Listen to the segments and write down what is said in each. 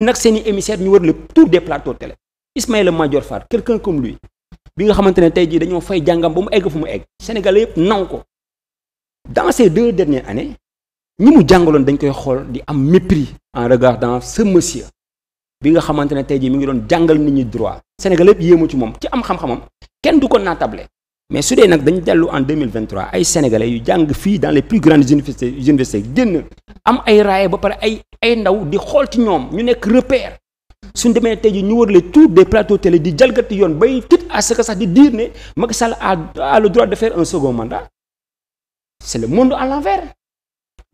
nag seen i émissaire ñu wër le tour des plateaux télé Ismaïla Madior Fall quelqu'un comme lui bi nga xamante ne tey jii dañoo fay jàngam ba mu egg fu mu egg sénégal yëpp nang ko dans ces deux dernières années ñi mu jàngaloon dañ koy xool di am mépris en regardant ce monsieur bi nga xamante ne tey jii mi ngi doon jàngal nit ñi droit Sénégalais yëpp yéemu ci moom ci am xam-xamam kenn du ko naatable mais su dee nag dañu dellu en 2023 ay sénégalais yu jàng fii dans les plus grandes universités universités génn am ay raaye ba pare ay ay ndaw di xool ci ñoom ñu nekk repère suñ demee tey ji ñu wërale tous des plateaux télé di jalgati yoon bay tit à que sax di dire ne Macky Sall a le droit de faire un second mandat c'est le monde à l'envers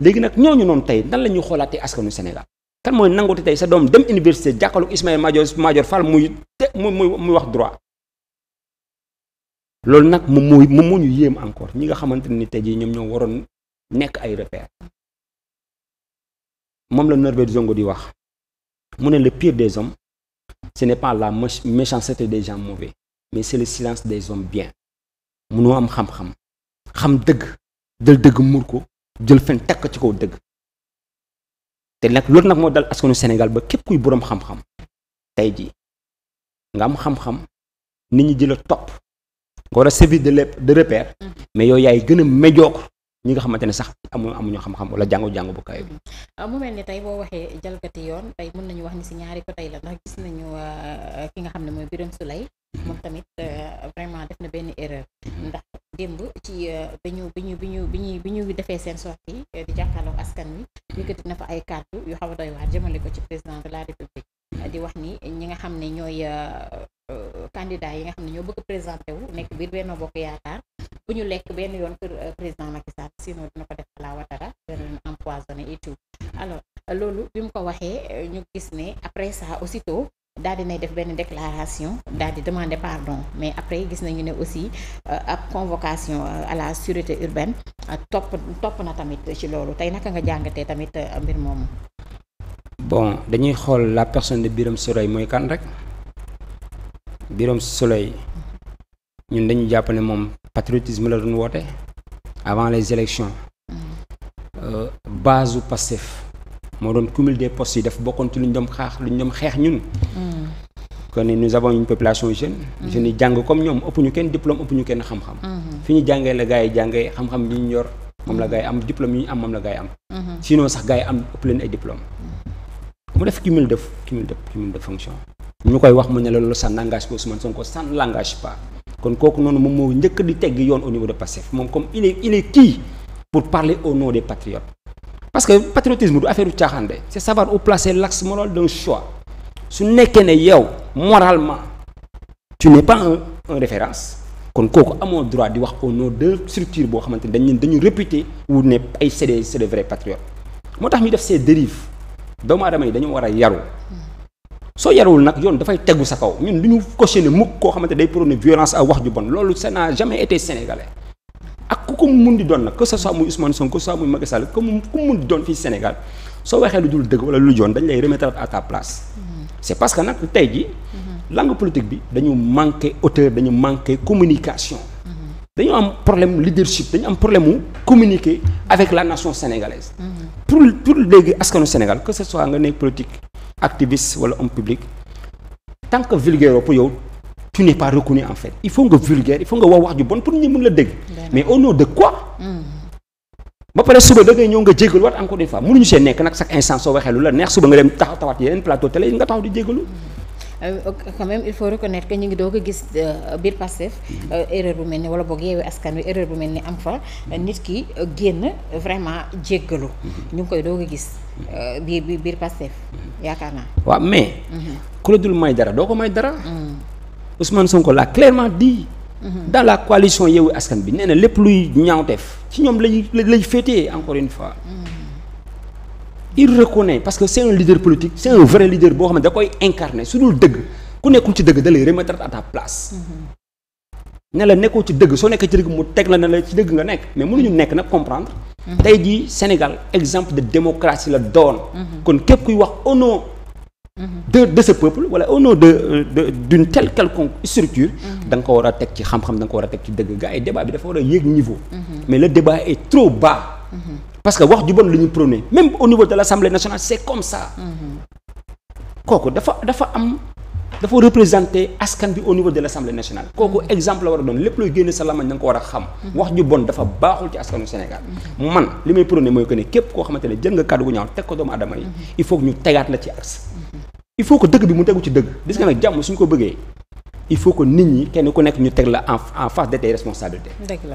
léegi nag ñooñu noonu tey nan la ñuy xoolaatee askanu Sénégal kan mooy nangooti tey sa doom dem université jàkkaarloog Ismaïla Madior Madior Fall muy muy muy wax droit loolu nag moom moo moom moo ñu yéem encore ñi nga xamante ni tey jii ñoom ñoo waroon nekk ay repères moom la Norbert Zongo di wax mu ne le pire des hommes ce n'est pas la méchanceté des gens mauvais mais c'est le silence des hommes bien munoo am xam-xam dëgg jël dëgg muur ko jël fen takk ci kaw dëgg te nag loolu nag moo dal askanu Sénégal ba képp kuy boroom xam-xam tey jii nga am xam-xam nit ñi di topp. nga war a servir de de repère mais yow yaay gën a médiocre ñi nga xamante sax amu amuñu xam-xam wala jàngu-jàngu bu kaay bi. Ah, mu mel ni tey boo waxee jalgati yoon tey mën nañu wax ni si ñaari côté la ndax gis nañu euh, ki nga xam ne mooy Birame Souleye mhm. moom tamit euh, vraiment def na benn erreur mhm. ndax démb ci euh, bi ñu bi ñu bi ñu bi ñu bi ñu defee seen sortie di jàkkaarloo askan wi mhm. yëkkati na fa ay kàddu yu xaw a doy waar jëmale ko ci président de la république di wax ni ñi nga xam ne ñooy candidats yi nga xam ne ñoo bëgg présenté wu nekk biir Benno Bokk Yaakaar bu ñu lekk benn yoon kër euh, président Macky Sall sinon dina ko def à la Ouattara dana leen empoisonné et tout alors loolu bi mu ko waxee euh, ñu gis ne après ça aussitôt daal di nay def benn déclaration daal di demander pardon mais après gis nañu ne aussi euh, ak convocation à la sûreté urbaine topp topp na tamit ci loolu tey naka nga jàngatee tamit mbir moom bon dañuy xool la personne de Birame Souleye mooy kan rek. Birame Souleye ñun dañu jàpp ne moom patriotisme la doon woote avant les élections euh, base u Pastef moo doon cumul des postes yi dafa bokkoon ci lu ñu doon xaax lu ñu doon xeex ñun kon mm. nous avons une population jeune mm. jeunes yi jàng comme ñoom ëpp ñu kenn diplôme ëpp ñu kenn xam-xam mm-hmm. fi ñu jàngee la gars yi jàngee xam-xam yi ñu yor moom la gars am diplôme yi ñu am moom la gars am mm-hmm. sinon sax gars yi am ëpp leen ay diplôme mm. mu def cumul de cumul de cumul de fonction ñu koy wax mu ne la loolu ça n'engage pas Ousmane Sonko ça ne l'engage pas kon kooku noonu moom moo njëkk di tegg yoon au niveau de Pastef moom comme il est il est qui pour parler au nom des patriotes parce que patriotisme du affaire u caaxaan de c'est savoir où placer l'axe moral d'un choix su nekkee ne yow moralement tu n'es pas un référence kon kooku amoon droit di wax au nom de structure boo xamante ne dañu dañu réputé wu ne ay c'est des c'est moo tax ñu def ces dérives doomu aadama yi dañu war a yaru soo yarawul nag yoon dafay tegu sa kaw ñun lu ñu cautionné mukk koo xamante day prôné violence ak wax ju bon loolu ça n'a jamais été sénégalais ak ku ko mun di doon nag que ce soit muy Ousmane Sonko que ce soit muy Macky Sall comme mun di doon fii Sénégal soo waxee lu dul dëgg wala lu joon dañ lay remettre à ta place mm-hmm. c'est parce que nag tey ji mm-hmm. langue politique bi dañu manqué hauteur dañu manqué communication mm-hmm. dañu am problème leadership dañu am problème mu communiquer avec la nation sénégalaise pour pour léegi askanu Sénégal que ce soit nga nekk activiste wala homme public tant que vulgaire pour yow tu n'es pas reconnu en fait il faut nga vulgaire il faut nga wax wax ju bon pour ñu mën la dégg mais au nom quoi hmm. ba pare suba da ñëw nga jégalu waat encore une fois mënuñu see nekk nag chaque instant soo waxee lu la neex suba nga dem taxaw tawaat yeneen plateau télé nga taxaw di jégalu Euh, quand même il faut reconnaître que ñu ngi doo ko gis euh, biir Pastef euh, erreur bu mel ni wala boog yeewe askan wi erreur bu mel ni am fa nit ki génn vraiment jéggalu ñu ngi koy doog a gis biir biir Pastef yaakaar naa waaw mais mhm. ku dul may dara doo ko may dara mhm. Ousmane Sonko l'a clairement dit mhm. dans la coalition yeewu askan bi nee na lépp luy ñaawteef ci ñoom lañu lay féetee encore une fois il reconnaît parce que c'est un leader politique c'est un vrai leader boo xam ne da koy incarner su dul dëgg ku nekkul ci dëgg da lay remettre à place. Mm-hmm. ne la nekkoo ci dëgg soo nekkee ci dëgg mu teg la ne la ci dëgg nga nekk mais mënuñu nekk nag comprendre. Mm-hmm. tey jii Sénégal exemple de démocratie la doon. Mm-hmm. kon képp kuy wax au de de ce peuple wala au de de d'une telle quelconque structure. da nga ko war a teg ci xam-xam da ko war a teg ci dëgg ga ay débat bi dafa parce que wax ju bon lu ñu prôné même au niveau de l'Assemblée nationale c'est comme ça mm-hmm. kooku dafa dafa am dafa représenter askan bi au niveau de l'Assemblée nationale kooku mm-hmm. exemple la war a doon lépp luy génne sa lamañ na nga ko war a xam mm-hmm. wax ju bon dafa baaxul ci askanu Sénégal man li may prôné mooy que ne képp koo xamante ne jël nga kàddu gu ñaaw teg ko doomu aadama yi il faut que ñu tegaat la ci axe il faut que dëgg bi mu tegu ci dëgg gis nga nag jàmm ko bëggee il faut que nit ñi kenn ku nekk ñu teg la en face de tes responsabilités.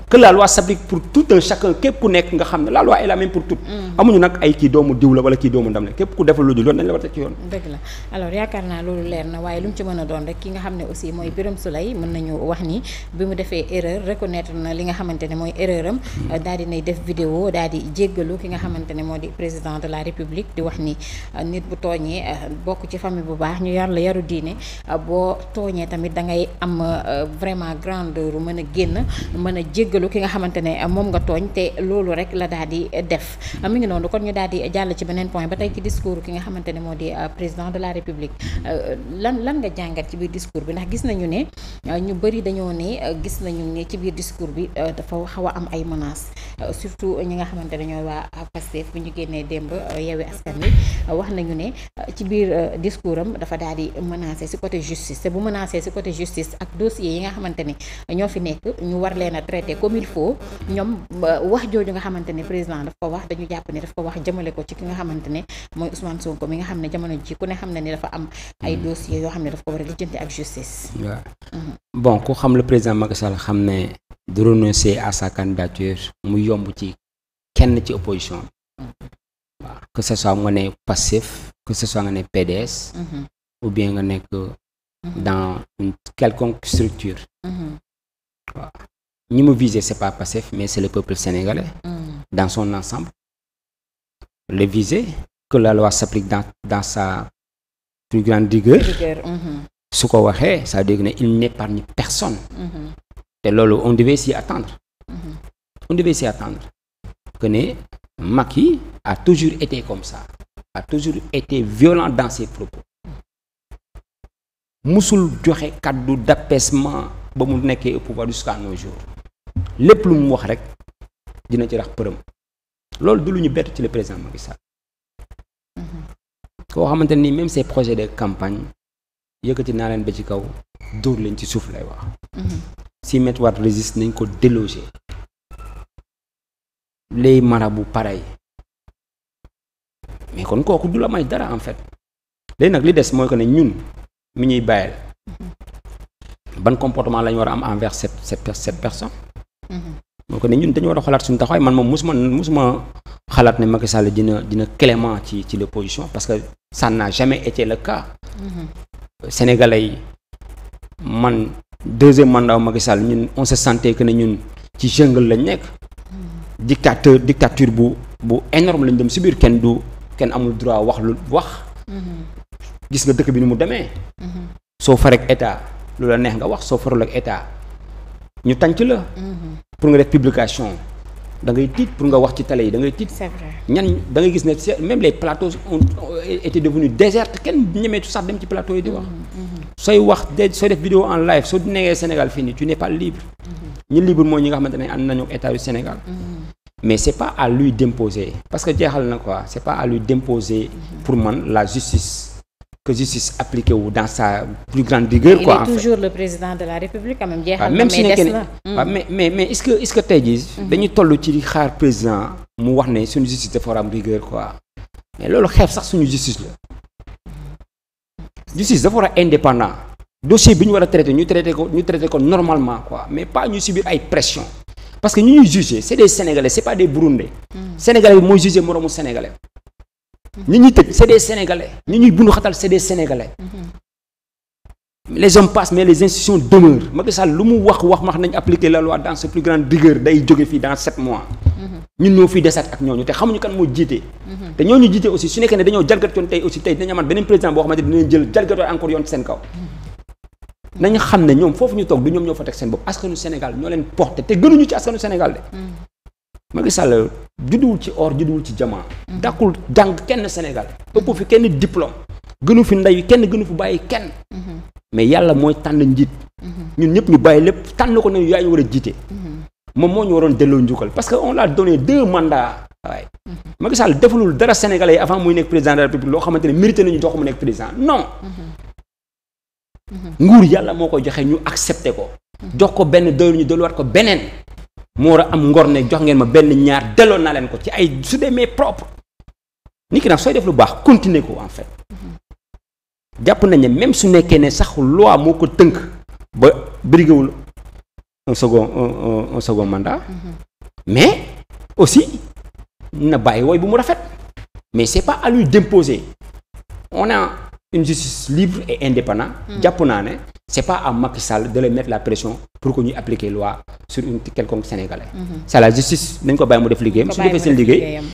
que la loi s'applique pour tout un képp ku nekk nga xam ne la loi est la même pour tout. Mm. amuñu nag ay kii doomu diw la wala kii doomu ndam la képp ku defal lu dul yoon dañ la war a teg ci yoon. dëgg la alors yaakaar naa na waaye lu mu ci mën a doon rek ki nga xam ne aussi mooy Birame Souleye mën nañu wax ni bi mu defee erreur reconnaître na li nga xamante ne mooy erreur am. Mm. di nay def vidéo daal di jéggalu ki nga xamante ne moo di président de la république di wax ni euh, nit bu tooñee euh, bokk ci famille bu baax ñu yar la yaru diine euh, boo tooñee tamit da ngay am euh, vraiment grandeur mën a génn mën a jéggalu ki nga xamante ne moom nga tooñ te loolu rek la daal di def mi ngi noonu kon ñu daal di jàll ci beneen point ba tey ci discours ki nga xamante ne moo di euh, président de la république euh, lan lan nga jàngat ci biir discours bi ndax gis nañu ne ñu bëri dañoo ne gis nañu ne ci biir discours bi dafa xaw a am ay menaces surtout ñi nga xamante ne ñooy waa Pastef bu ñu génnee démb yeewi askan wi wax nañu ne ci biir discours am dafa daal di menacé côté justice te bu menacé si côté côté justice ak dossier yi nga xamante ni ñoo fi nekk ñu war a traité comme il faut ñoom wax jooju nga xamante ne président daf ko wax dañu jàpp ne daf ko wax jëmale ko ci ki nga xamante ne mooy Ousmane Sonko mi nga xam ne jamono ji ku ne xam ne dafa am ay mm-hmm. dossiers yoo xam ne daf ko war a lijjanti ak justice. waaw mm-hmm. bon ku xam le président Macky xam ne de renoncer sa candidature mu yomb ci kenn ci opposition bi. Mm-hmm. waaw que ce soit nga ne passif que ce soit nga ne PDS. Mhm. dans une quelconque structure mhm. waaw ñi mu viser c'est pas Pastef mais c'est le peuple sénégalais mhm. dans son ensemble le viser que la loi s'applique dans sa plus grande rigueur su ko waxee ça veut dire que il n'épargne personne te on devait s'y attendre on devait s'y attendre que ne Macky a toujours été comme ça a toujours été violent dans ses propos mosul joxe kàddu d'apaisement ba mu nekkee au pouvoir jusqu'à nos jours lépp lu mu wax rek dina ci rax përëm loolu du lu ñu bett ci le président Macky Sall koo xamante ni même ses projet de campagne yëkkati naa leen ba ci kaw dóor leen ci suuf lay wax si Maître Wade nañ ko déloger les bu pareil mais kon kooku du la may dara en fait léegi nag li des mooy que ne ñun mi ñuy bàyyil ban comportement la ñu war a am envers cette cette cette personne. moo mm-hmm. ko ne ñun dañu war a xalaat suñu taxawaay man moom musuma xalaat ne Macky Sall dina dina clément ci ci l'opposition parce que ça n'a jamais été la cas. Mm-hmm. Sénégalais yi man deuxième mandat wu ñun on se sentait que ne ñun ci jungle lañ nekk. Mm-hmm. dictateur dictature bu bu énorme lañ dem si biir kenn du kenn amul droit wax lu wax. gis nga dëkk bi ni mu demee. Mm-hmm. soo farek état lu a neex nga wax soo farul ak état ñu tànc la. Mm-hmm. pour nga def publication da ngay tiit pour nga wax ci télé yi da ngay tiit. c'est vrai ñan da ngay gis ne même les plateaux ont euh, été devenus désertes kenn ñemeetu sax dem ci plateau yi di wax. Mm-hmm. sooy wax de sooy def vidéo en live soo nekkee Sénégal fii nii tu n'es pas libre. ñi libre mooy ñi nga xamante ne ànd nañu ak état du Sénégal. mais c'est pas à lui d'imposer parce que jeexal que justice appliquée wu dans sa plus grande rigueur quoi en fait il est toujours le président de la république quand jeexal même mais mais est-ce que est-ce que mhm. dañu toll ci xaar président mu wax ne suñu justice dafa war a am rigueur quoi mais loolu xeeb sax suñu justice la justice dafa indépendant dossier bi ñu war a traité ñu traité ko ñu traité ko normalement quoi mais pas ñu subir ay pression parce que ñu ñuy juger c'est des sénégalais c'est pas des burundais. Mm. sénégalais ñi ñuy tëj c'est des sénégalais ñi ñuy bundu xatal c'est des sénégalais. les hommes mais les institutions demeurent Macky lu mu wax wax wax nañ appliquer la loi dans sa plus grande rigueur day jóge fii dans sept mois. ñun ñoo fiy desaat ak ñooñu te xamuñu kan moo jiite. te ñooñu jiite aussi su nekkee ne dañoo jalgat tey aussi tey dinañ amaat beneen président boo xamante ne dinañ jël jalgatoo encore yoon seen kaw. nañu xam ne ñoom foofu ñu toog du ñoom ñoo fa teg seen bopp askanu Sénégal Macky Sall judduwul ci or judduwul ci jamaa mhm. dàqul jàng kenn Sénégal ëpp fi kenn diplôme gënu fi ndey kenn gënu fi bàyyi kenn mhm. mais yàlla mooy tànn njiit mhm. ñun ñëpp ñu bàyyi lépp tànn ko ne yaay ñu war a jiite moom moo ñu waroon delloo njukkal parce que on l'a donné deux mandats waaye Macky Sall defalul dara Sénégalais yi avant muy nekk président de République loo xamante ne mérité nañu jox ko mu nekk président non nguur yàlla moo koy joxe ñu accepté ko jox ko benn doyul ñu dolliwaat ko beneen moo war a am ngor ne jox ngeen ma benn ñaar delloon naa leen ko ci ay su demee propre nit ki nag sooy def lu baax continuer ko en fait jàpp nañ ne même su nekkee ne sax loi moo ko tënk ba briguewul un second un, un, mandat mais aussi na bàyyi wooy bu mu rafet mais c'est pas à lui d'imposer on a une justice libre et indépendante mm. jàpp naa ne c'est pas à Macky Sall de le mettre la pression pour que ñuy appliquer loi sur une quelconque sénégalais. Mm-hmm. c'est la justice nañ ko bàyyi mu def liggéeyam su defee seen liggéey